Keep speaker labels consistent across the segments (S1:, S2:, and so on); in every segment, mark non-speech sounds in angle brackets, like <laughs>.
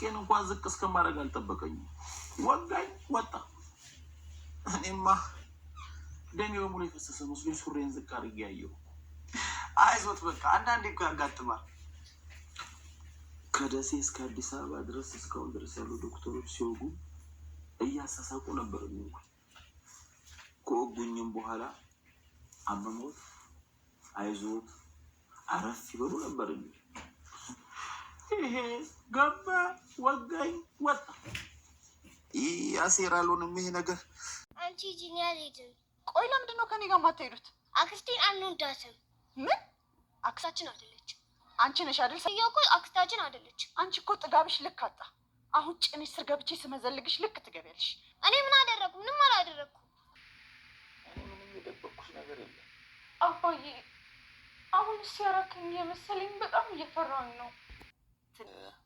S1: ስልኬን እንኳን ዝቅ እስከማድረግ አልጠበቀኝም። ወጋኝ፣ ወጣ። እኔማ ደሜ በሙሉ የፈሰሰ መስሎኝ ሱሬን ዝቅ አድርጌ ያየሁ። አይዞት በቃ አንዳንዴ እኮ ያጋጥማል። ከደሴ እስከ አዲስ አበባ ድረስ እስካሁን ድረስ ያሉ ዶክተሮች ሲወጉ እያሳሳቁ ነበር ከወጉኝም በኋላ አመሞት አይዞት አረፍ ይበሉ ነበር ይሄ <laughs> ገባ ወጋኝ ወጣ ያሴር ይሄ ነገር አንቺ ጂኒ አልሄድም። ቆይ ለምንድን ነው ከኔ ጋር የማትሄዱት? አክስቴን አንወዳትም። ምን አክስታችን አይደለች። አንቺ ነሽ አይደል? ሰውዬው አክስታችን አይደለች። አንቺ እኮ ጥጋብሽ ልክ አጣ። አሁን ጭንሽ ስር ገብቼ ስመዘልግሽ ልክ ትገቢያለሽ። እኔ ምን አደረግኩ? ምንም አላደረግኩም። ምንም አባዬ። አሁን ሲያራክኝ የመሰለኝ በጣም እየፈራኝ ነው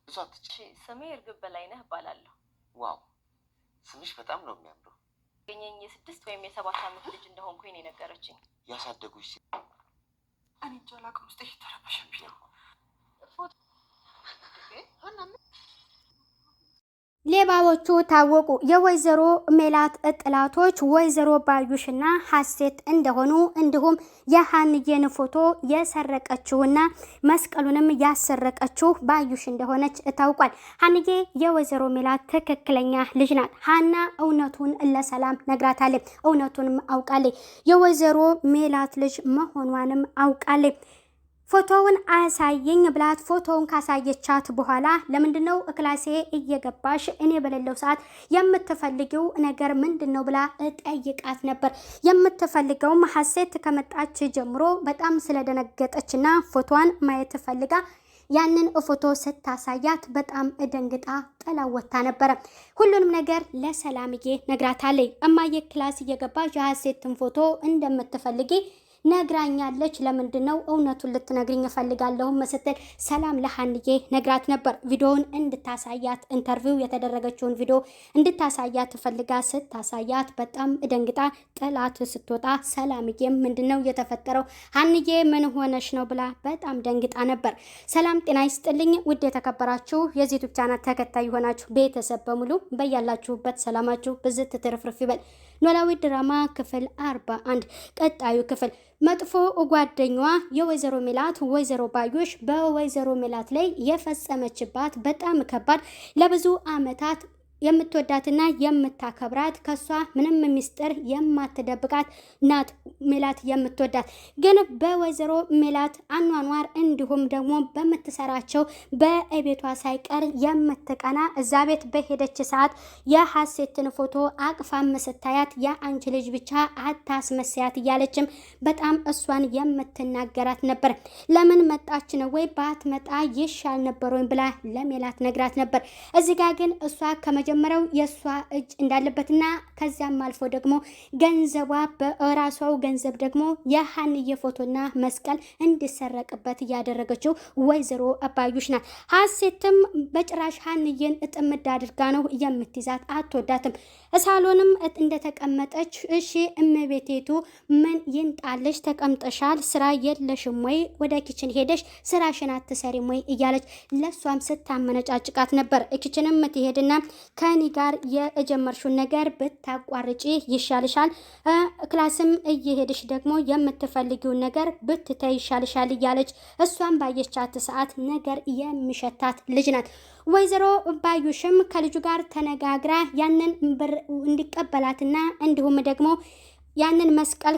S1: ብዙ አትችል። ስሜ እርግብ በላይነህ እባላለሁ። ዋው ስምሽ በጣም ነው የሚያምረው። ገኘኝ የስድስት ወይም የሰባት ዓመት ልጅ እንደሆንኩኝ ነው የነገረችኝ። ያሳደጉች ሲ እኔ እንጃ አላውቅም። ውስጥ የተረበሸብኝ ነው ፎቶ ሌባዎቹ ታወቁ። የወይዘሮ ሜላት ጥላቶች ወይዘሮ ባዩሽና ሀሴት እንደሆኑ እንዲሁም የሀንዬን ፎቶ የሰረቀችውና መስቀሉንም ያሰረቀችው ባዩሽ እንደሆነች ታውቋል። ሀንዬ የወይዘሮ ሜላት ትክክለኛ ልጅ ናት። ሀና እውነቱን ለሰላም ነግራታለች። እውነቱንም አውቃለች። የወይዘሮ ሜላት ልጅ መሆኗንም አውቃለች። ፎቶውን አሳየኝ ብላት ፎቶውን ካሳየቻት በኋላ ለምንድነው እክላሴ እየገባሽ እኔ በሌለው ሰዓት የምትፈልጊው ነገር ምንድን ነው ብላ እጠይቃት ነበር። የምትፈልገውም ሀሴት ከመጣች ጀምሮ በጣም ስለደነገጠችና ፎቶዋን ማየት ፈልጋ ያንን ፎቶ ስታሳያት በጣም ደንግጣ ጥላ ወጥታ ነበረ። ሁሉንም ነገር ለሰላምዬ ነግራታለች። እማዬ ክላስ እየገባሽ የሀሴትን ፎቶ እንደምትፈልጊ ነግራኛለች። ለምንድን ነው እውነቱን ልትነግርኝ እፈልጋለሁ ስትል ሰላም ለሀንዬ ነግራት ነበር። ቪዲዮውን እንድታሳያት ኢንተርቪው የተደረገችውን ቪዲዮ እንድታሳያት ፈልጋ ስታሳያት በጣም ደንግጣ ጥላት ስትወጣ ሰላምዬም ምንድን ነው የተፈጠረው ሀንዬ ምን ሆነሽ ነው ብላ በጣም ደንግጣ ነበር። ሰላም ጤና ይስጥልኝ ውድ የተከበራችሁ የዚህ ቻናል ተከታይ የሆናችሁ ቤተሰብ በሙሉ በያላችሁበት ሰላማችሁ ብዝት ትርፍርፍ ይበል። ኖላዊ ድራማ ክፍል 41 ቀጣዩ ክፍል መጥፎ ጓደኛዋ የወይዘሮ ሜላት ወይዘሮ ባዮሽ በወይዘሮ ሜላት ላይ የፈጸመችባት በጣም ከባድ ለብዙ ዓመታት የምትወዳትና የምታከብራት ከሷ ምንም ሚስጥር የማትደብቃት ናት። ሜላት የምትወዳት ግን በወይዘሮ ሜላት አኗኗር እንዲሁም ደግሞ በምትሰራቸው በቤቷ ሳይቀር የምትቀና እዛ ቤት በሄደች ሰዓት የሀሴትን ፎቶ አቅፋም ስታያት የአንቺ ልጅ ብቻ አታስመስያት እያለችም በጣም እሷን የምትናገራት ነበር። ለምን መጣች ነው ወይ ባትመጣ ይሻል ነበር ወይም ብላ ለሜላት ነግራት ነበር። እዚህ ጋ ግን እሷ ከመ የመጀመሪያው የእሷ እጅ እንዳለበትና ከዚያም አልፎ ደግሞ ገንዘቧ በራሷው ገንዘብ ደግሞ የሀንዬ ፎቶና መስቀል እንዲሰረቅበት እያደረገችው ወይዘሮ አባዩሽ ናት። ሀሴትም በጭራሽ ሀንዬን እጥምድ አድርጋ ነው የምትይዛት፣ አትወዳትም። እሳሎንም እንደተቀመጠች እሺ እመቤቴቱ ምን ይንጣለሽ? ተቀምጠሻል፣ ስራ የለሽም ወይ? ወደ ኪችን ሄደሽ ስራሽን አትሰሪም ወይ? እያለች ለእሷም ስታመነጫጭቃት ነበር። ኪችንም ትሄድና ከኔ ጋር የጀመርሽውን ነገር ብታቋርጪ ይሻልሻል፣ ክላስም እየሄድሽ ደግሞ የምትፈልጊውን ነገር ብትተይ ይሻልሻል እያለች እሷን ባየቻት ሰዓት ነገር የሚሸታት ልጅ ናት። ወይዘሮ ባዩሽም ከልጁ ጋር ተነጋግራ ያንን ብር እንዲቀበላትና እንዲሁም ደግሞ ያንን መስቀል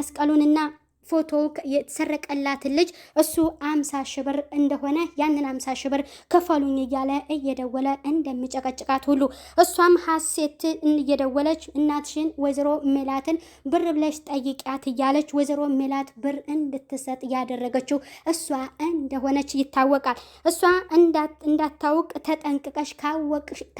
S1: መስቀሉንና ፎቶ የተሰረቀላትን ልጅ እሱ አምሳ ሺህ ብር እንደሆነ ያንን አምሳ ሺህ ብር ክፈሉኝ እያለ እየደወለ እንደሚጨቀጭቃት ሁሉ እሷም ሀሴት እየደወለች እናትሽን ወይዘሮ ሜላትን ብር ብለሽ ጠይቂያት እያለች ወይዘሮ ሜላት ብር እንድትሰጥ ያደረገችው እሷ እንደሆነች ይታወቃል። እሷ እንዳታውቅ ተጠንቅቀሽ፣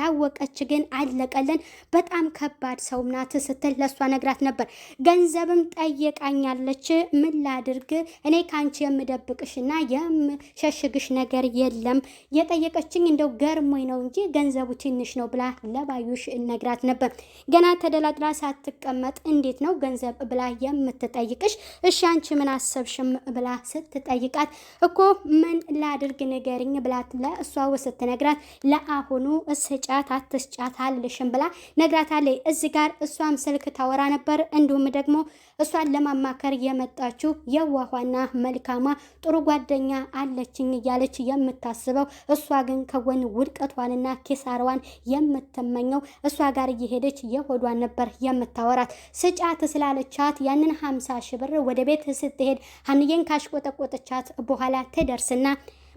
S1: ታወቀች ግን አለቀለን በጣም ከባድ ሰው ናት ስትል ለእሷ ነግራት ነበር። ገንዘብም ጠየቃኛለች ምን ላድርግ? እኔ ከአንቺ የምደብቅሽና የምሸሽግሽ ነገር የለም። የጠየቀችኝ እንደው ገርሞኝ ነው እንጂ ገንዘቡ ትንሽ ነው ብላ ለባዩሽ ነግራት ነበር። ገና ተደላድላ ሳትቀመጥ እንዴት ነው ገንዘብ ብላ የምትጠይቅሽ? እሺ አንቺ ምን አሰብሽም ብላ ስትጠይቃት እኮ ምን ላድርግ ንገሪኝ ብላት ለእሷ ስትነግራት ለአሁኑ ስጫት አትስጫት አልልሽም ብላ ነግራታለች። እዚህ ጋር እሷም ስልክ ታወራ ነበር እንዲሁም ደግሞ እሷን ለማማከር የመጣችው የዋኋና መልካሟ ጥሩ ጓደኛ አለችኝ እያለች የምታስበው እሷ ግን ከጎን ውድቀቷንና ኪሳራዋን የምትመኘው እሷ ጋር እየሄደች የሆዷን ነበር የምታወራት። ስጫት ስላለቻት ያንን ሀምሳ ሺህ ብር ወደ ቤት ስትሄድ ሀንዬን ካሽቆጠቆጠቻት በኋላ ትደርስና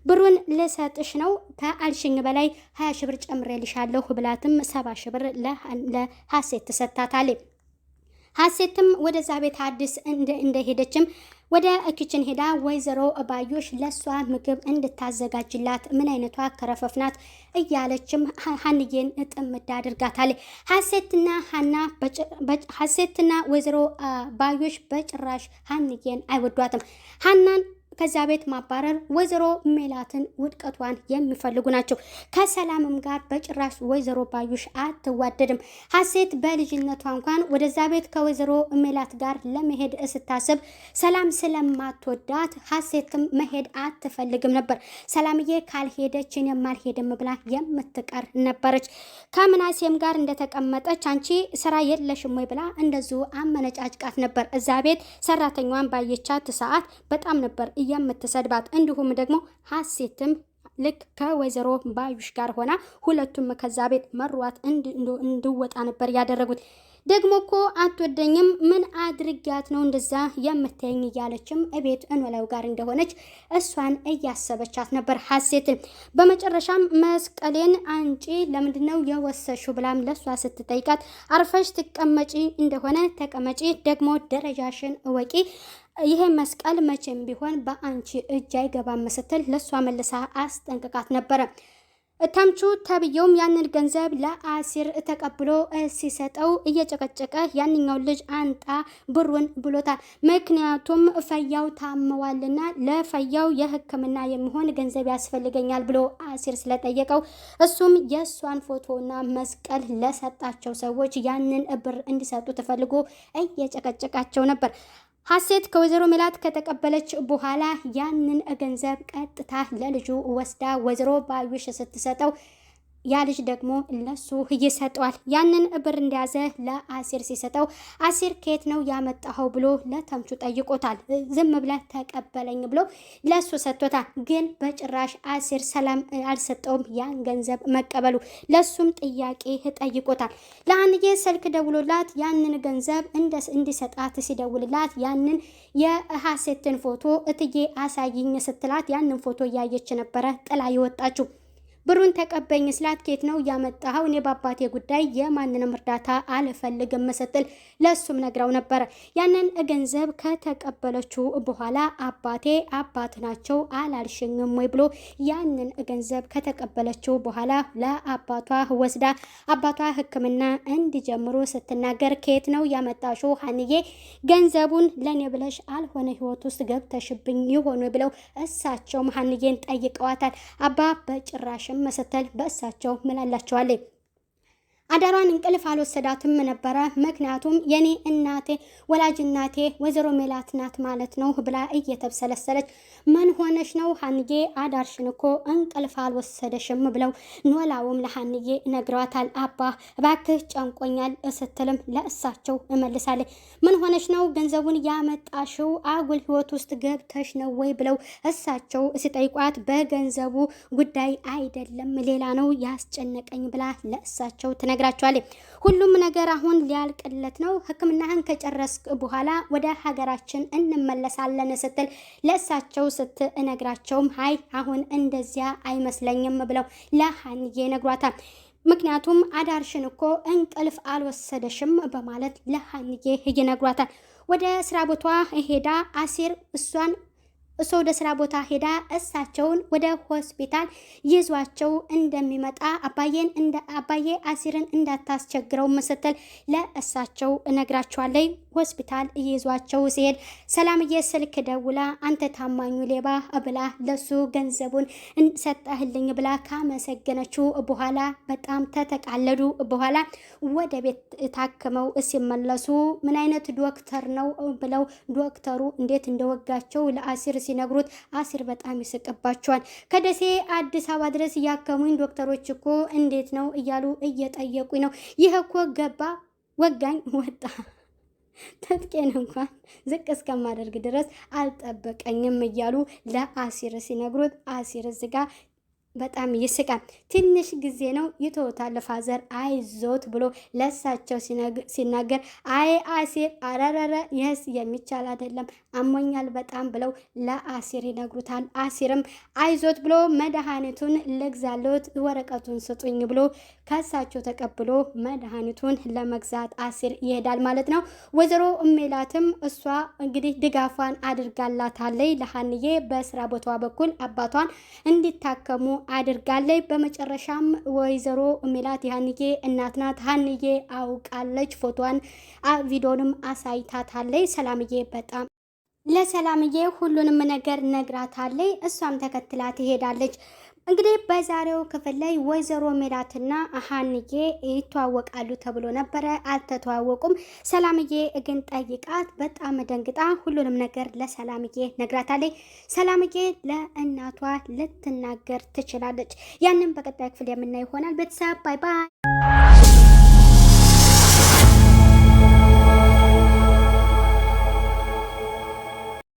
S1: ብሩን ልሰጥሽ ነው ከአልሽኝ በላይ ሀያ ሺህ ብር ጨምሬልሻለሁ ብላትም ሰባ ሺህ ብር ለሀሴት ትሰጣታለች። ሀሴትም ወደዛ ቤት አዲስ እንደሄደችም ወደ ኪችን ሄዳ ወይዘሮ ባዮሽ ለሷ ምግብ እንድታዘጋጅላት ምን አይነቷ ከረፈፍ ናት እያለችም ሀንዬን ጥምድ አድርጋታል። ሀሴትና ሀና ሀሴትና ወይዘሮ ባዮሽ በጭራሽ ሀንዬን አይወዷትም። ሀናን ከዚያ ቤት ማባረር ወይዘሮ ሜላትን ውድቀቷን የሚፈልጉ ናቸው። ከሰላምም ጋር በጭራሽ ወይዘሮ ባዩሽ አትዋደድም። ሀሴት በልጅነቷ እንኳን ወደዛ ቤት ከወይዘሮ ሜላት ጋር ለመሄድ ስታስብ ሰላም ስለማትወዳት ሀሴትም መሄድ አትፈልግም ነበር። ሰላምዬ ካልሄደች እኔም አልሄድም ብላ የምትቀር ነበረች። ከምናሴም ጋር እንደተቀመጠች አንቺ ስራ የለሽም ወይ ብላ እንደዚሁ አመነጫጭቃት ነበር። እዛ ቤት ሰራተኛዋን ባየቻት ሰዓት በጣም ነበር የምትሰድባት እንዲሁም ደግሞ ሀሴትም ልክ ከወይዘሮ ባዩሽ ጋር ሆና ሁለቱም ከዛ ቤት መሯት እንድወጣ ነበር ያደረጉት። ደግሞ እኮ አትወደኝም፣ ምን አድርጋት ነው እንደዛ የምታየኝ? እያለችም እቤት እኖላው ጋር እንደሆነች እሷን እያሰበቻት ነበር ሀሴትን። በመጨረሻም መስቀሌን አንጪ ለምንድን ነው የወሰሹ ብላም ለእሷ ስትጠይቃት አርፈሽ ትቀመጪ እንደሆነ ተቀመጪ፣ ደግሞ ደረጃሽን እወቂ ይሄ መስቀል መቼም ቢሆን በአንቺ እጅ አይገባም ስትል ለእሷ መልሳ አስጠንቅቃት ነበረ። እታምቹ ተብየውም ያንን ገንዘብ ለአሲር ተቀብሎ ሲሰጠው እየጨቀጨቀ ያንኛው ልጅ አንጣ ብሩን ብሎታል። ምክንያቱም ፈያው ታመዋልና ለፈያው የሕክምና የሚሆን ገንዘብ ያስፈልገኛል ብሎ አሲር ስለጠየቀው እሱም የእሷን ፎቶና መስቀል ለሰጣቸው ሰዎች ያንን ብር እንዲሰጡ ተፈልጎ እየጨቀጨቃቸው ነበር። ሀሴት ከወይዘሮ ሜላት ከተቀበለች በኋላ ያንን ገንዘብ ቀጥታ ለልጁ ወስዳ ወይዘሮ ባዩሽ ስትሰጠው ያ ልጅ ደግሞ ለሱ ይሰጠዋል። ያንን ብር እንደያዘ ለአሴር ሲሰጠው አሴር ከየት ነው ያመጣኸው ብሎ ለተምቹ ጠይቆታል። ዝም ብለ ተቀበለኝ ብሎ ለሱ ሰጥቶታል። ግን በጭራሽ አሴር ሰላም አልሰጠውም። ያን ገንዘብ መቀበሉ ለሱም ጥያቄ ጠይቆታል። ለአንዬ ስልክ ደውሎላት ያንን ገንዘብ እንዲሰጣት ሲደውልላት ያንን የሀሴትን ፎቶ እትዬ አሳይኝ ስትላት ያንን ፎቶ እያየች ነበረ ጥላ ይወጣችሁ ብሩን ተቀበኝ ስላት ኬት ነው እያመጣኸው? እኔ በአባቴ ጉዳይ የማንንም እርዳታ አልፈልግም ስትል ለእሱም ነግረው ነበር ያንን ገንዘብ ከተቀበለችው በኋላ አባቴ አባት ናቸው አላልሽኝም ወይ ብሎ ያንን ገንዘብ ከተቀበለችው በኋላ ለአባቷ ወስዳ አባቷ ሕክምና እንዲጀምሩ ስትናገር ኬት ነው ያመጣሽው? ሀንዬ ገንዘቡን ለእኔ ብለሽ አልሆነ ህይወት ውስጥ ገብተሽብኝ ይሆኑ ብለው እሳቸውም ሀንዬን ጠይቀዋታል። አባ በጭራሽም መሰተል በእሳቸው ምን ምናላቸዋለች። አዳሯን እንቅልፍ አልወሰዳትም ነበረ። ምክንያቱም የኔ እናቴ ወላጅ እናቴ ወይዘሮ ሜላት ናት ማለት ነው ብላ እየተብሰለሰለች ምን ሆነሽ ነው ሀንዬ? አዳርሽን እኮ እንቅልፍ አልወሰደሽም ብለው ኖላውም ለሀንዬ ነግረዋታል። አባ እባክህ ጨንቆኛል ስትልም ለእሳቸው እመልሳለች። ምን ሆነሽ ነው ገንዘቡን ያመጣሽው አጉል ህይወት ውስጥ ገብተሽ ነው ወይ ብለው እሳቸው ሲጠይቋት በገንዘቡ ጉዳይ አይደለም ሌላ ነው ያስጨነቀኝ ብላ ለእሳቸው ትነ ይነግራቸዋል። ሁሉም ነገር አሁን ሊያልቅለት ነው። ሕክምናህን ከጨረስክ በኋላ ወደ ሀገራችን እንመለሳለን ስትል ለእሳቸው ስትነግራቸውም አይ አሁን እንደዚያ አይመስለኝም ብለው ለሀንዬ ነግሯታል። ምክንያቱም አዳርሽን እኮ እንቅልፍ አልወሰደሽም በማለት ለሀንዬ ይነግሯታል። ወደ ስራ ቦቷ ሄዳ አሴር እሷን እሷ ወደ ስራ ቦታ ሄዳ እሳቸውን ወደ ሆስፒታል ይዟቸው እንደሚመጣ አባዬን እንደ አባዬ አሲርን እንዳታስቸግረው ምስትል ለእሳቸው እነግራቸዋለሁ። ሆስፒታል እየይዟቸው ሲሄድ ሰላምዬ ስልክ ደውላ አንተ ታማኙ ሌባ ብላ ለሱ ገንዘቡን ሰጠህልኝ ብላ ካመሰገነችው በኋላ በጣም ተተቃለዱ። በኋላ ወደ ቤት ታክመው ሲመለሱ ምን አይነት ዶክተር ነው ብለው ዶክተሩ እንዴት እንደወጋቸው ለአሲር ሲነግሩት አሲር በጣም ይስቅባቸዋል። ከደሴ አዲስ አበባ ድረስ እያከሙኝ ዶክተሮች እኮ እንዴት ነው እያሉ እየጠየቁኝ ነው። ይህ እኮ ገባ ወጋኝ ወጣ ትጥቄን እንኳን ዝቅ እስከማደርግ ድረስ አልጠበቀኝም እያሉ ለአሲር ሲነግሩት አሲር ዝጋ በጣም ይስቃል። ትንሽ ጊዜ ነው ይተውታል። ፋዘር አይዞት ብሎ ለሳቸው ሲናገር አይ አሴር አረረረ የስ የሚቻል አይደለም አሞኛል በጣም ብለው ለአሴር ይነግሩታል። አሴርም አይዞት ብሎ መድኃኒቱን ልግዛሎት ወረቀቱን ስጡኝ ብሎ ከሳቸው ተቀብሎ መድኃኒቱን ለመግዛት አሴር ይሄዳል ማለት ነው። ወይዘሮ ሜላትም እሷ እንግዲህ ድጋፏን አድርጋላታለይ ለሀንዬ በስራ ቦታዋ በኩል አባቷን እንዲታከሙ አድርጋለች። በመጨረሻም ወይዘሮ ሜላት የሀንዬ እናት ናት። ሀንዬ አውቃለች። ፎቶዋን ቪዲዮንም አሳይታታለች። ሰላምዬ በጣም ለሰላምዬ ሁሉንም ነገር ነግራታለች። እሷም ተከትላ ትሄዳለች። እንግዲህ በዛሬው ክፍል ላይ ወይዘሮ ሜላትና ሀንዬ ይተዋወቃሉ ተብሎ ነበረ። አልተተዋወቁም። ሰላምዬ ግን ጠይቃት በጣም ደንግጣ ሁሉንም ነገር ለሰላምዬ ነግራታለች። ሰላምዬ ለእናቷ ልትናገር ትችላለች። ያንን በቀጣይ ክፍል የምናይ ይሆናል። ቤተሰብ ባይ ባይ።